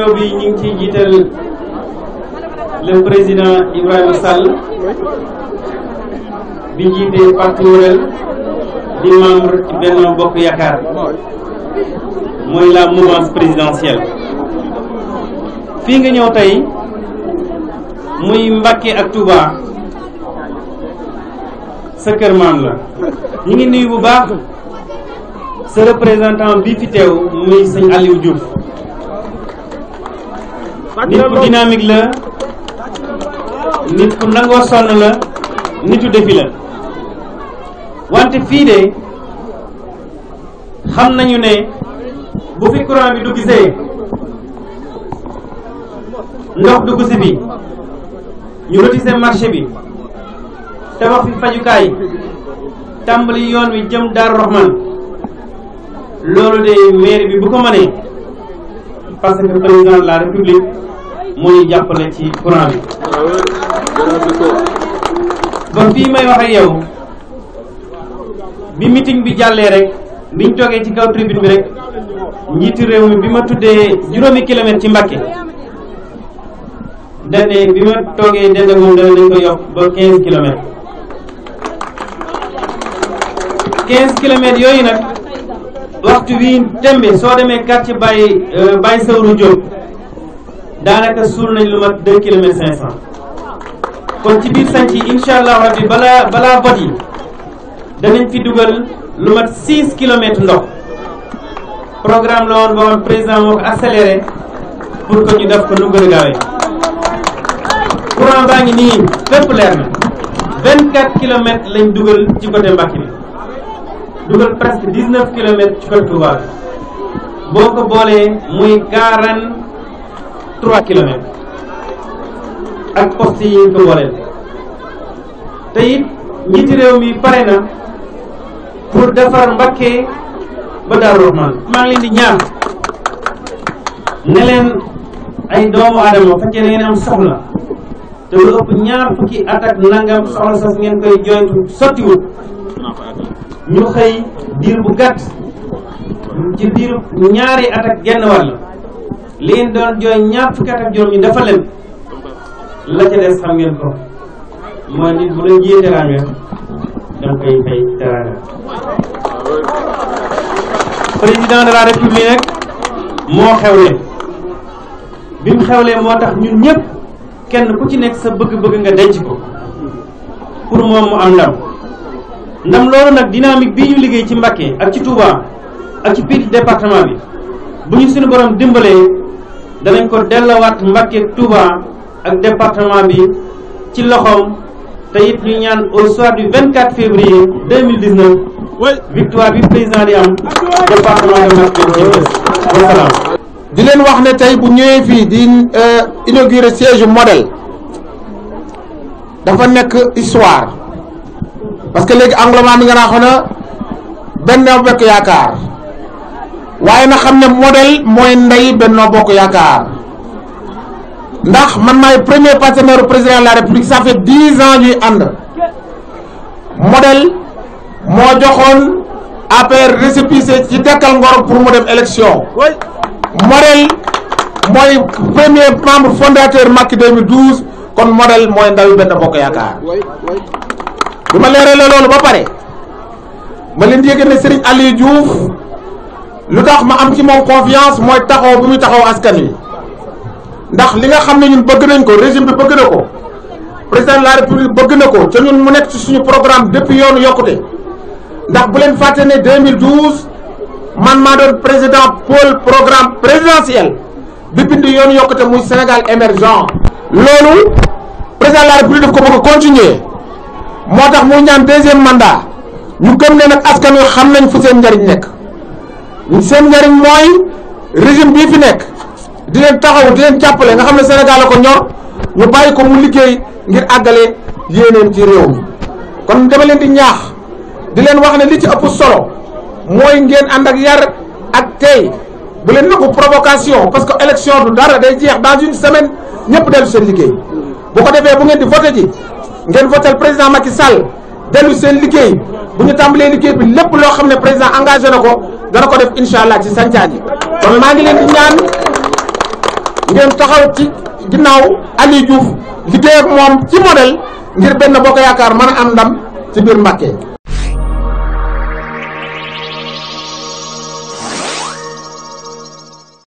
nuyoo bi ñu ngi ciy jiital le président Ibrahima Sall bi jiite parti Wurel di membre ci Benno Bokk Yaakaar mooy la mouvance présidentielle fii nga ñëw tey muy Mbacké ak Touba sa kër maam la ñu ngi nuyu bu baax sa représentant bii fi teew muy sëñ Aliou Diouf nit ku dynamique la nit ku nangoo sonn la nitu defi la wante fii de xam nañu ne bu fi courant bi du gisee ndox dugg si fi ñu rotise marché bi tabax fi fajukaay tàmbali yoon wi jëm Daaru Rahman loolu de maire bi bu ko mënee parce que président de la république muy jàppale ci courant bi ba fii may wax ak yow bi meeting bi jàllee rek biñ toogee ci kaw tribune bi rek njiitu réew mi bi ma tuddee juróomi kilomètre ci Mbàkke dane bi ma toogee dend moom dana dañ yokk ba quinze kilomètres quinze kilomètres yooyu nag waxtu wi tembe soo demee quartier Baye euh, Baye Sawru Diop daanaka suul nañ lu mat deux kilomètres cinq cent kon ci biir sanc yi incha allah balaa balaa bot yi danañ fi dugal lu mat six kilomètres ndox programme la woon ba woon président moo ko accéléré pour que ñu def ko nu gën a gaawee courant baa ngi nii fépp leer na vingt quatre kilomètres lañ dugal ci côté Mbàkke bi dugal presque dix neuf kilomètres ci côté Touba bi boo ko boolee muy quarante 3 kilomètres ak poste yi ñu ko booleel te réew mi pare na pour defar Mbacké ba Daaru Rahman maa ngi leen di ñaan ne leen ay doomu aadama fekkee da ngeen am soxla te lu ëpp ñaar fukki at ak nangam soxla sas ngeen koy joytu sottiwut ñu xëy diir bu gàtt ci diir ñaari at ak genn wàll liñ doon jooy ñaar fukki at ak juróom ñu dafa leen la ca des xam ngeen ko mooy nit bu la jiyee teraanga da nga koy fay teraanga président de la république rek moo xewle bi mu xewlee moo tax ñun ñëpp kenn ku ci nekk sa bëgg-bëgg nga denc ko pour moom mu am ndam ndam loolu nag dynamique bi ñu liggéey ci Mbacké ak ci Touba ak ci piir département bi bu ñu suñu borom dimbalee danañ ko dellowaat Mbàkke Touba ak département bi ci loxoom te it ñu ñaan au soir du 24 février 2019 victoire bi président di am département de Mbàkke ci wasalaam di leen wax ne tey bu ñëwee fii di euh, inaugurer siège modèle dafa nekk histoire parce que léegi englement bi nga naa xona benn bokk yaakaar waaye na xam ne modèle mooy ndey Benno Bokk Yaakaar ndax man maay premier partenaire président la république ça fait dix ans ñuy ànd modèle moo joxoon APR récépissé ci Dekkal Ngor pour mu dem élection modèle mooy premier membre fondateur Macky kon modèle mooy ndawi Benno Bokk Yaakaar bi ma leeralee loolu ba pare ma leen yëg ne Serigne Aliou Diouf lu tax ma am ci moom confiance mooy taxaw bu muy taxaw askan wi ndax li nga xam ne ñun bëgg nañ ko régime bi bëgg na ko président de la république bëgg na ko ca ñun mu nekk ci suñu programme depuis yoonu yokkute ndax bu leen fàtte ne 2012 man maa doon président pôle programme présidentiel bi bind yoonu yokkute muy Sénégal émergent loolu président de la république daf ko bëgg a continuer moo tax muy ñaan deuxième mandat ñu gëm ne nag askan wi xam nañ fu seen njariñ nekk seen njëriñ mooy régime bii fi nekk di leen taxaw di leen jàppale nga xam ne Sénégal la ko ñor ñu bàyyi ko mu liggéey ngir àggale yéeneen ci réew mi kon dama leen di ñaax di leen wax ne li ci ëpp solo mooy ngeen ànd ak yar ak tey bu leen nangu provocation parce que élection du dara day jeex dans une semaine ñëpp dellu seen liggéey bu ko defee bu ngeen di voté ji ngeen votel président Macky Sall dellu seen liggéey bu ñu tàmbalee liggéey bi lépp loo xam ne président engagé na ko dana ko def incha allah ci sancaan yi kon maa ngi leen di ñaan ngeen taxaw ci ginnaaw Aliou Diouf liggéey moom ci modèle ngir benn boo yaakaar man am ndam ci biir Mbàkke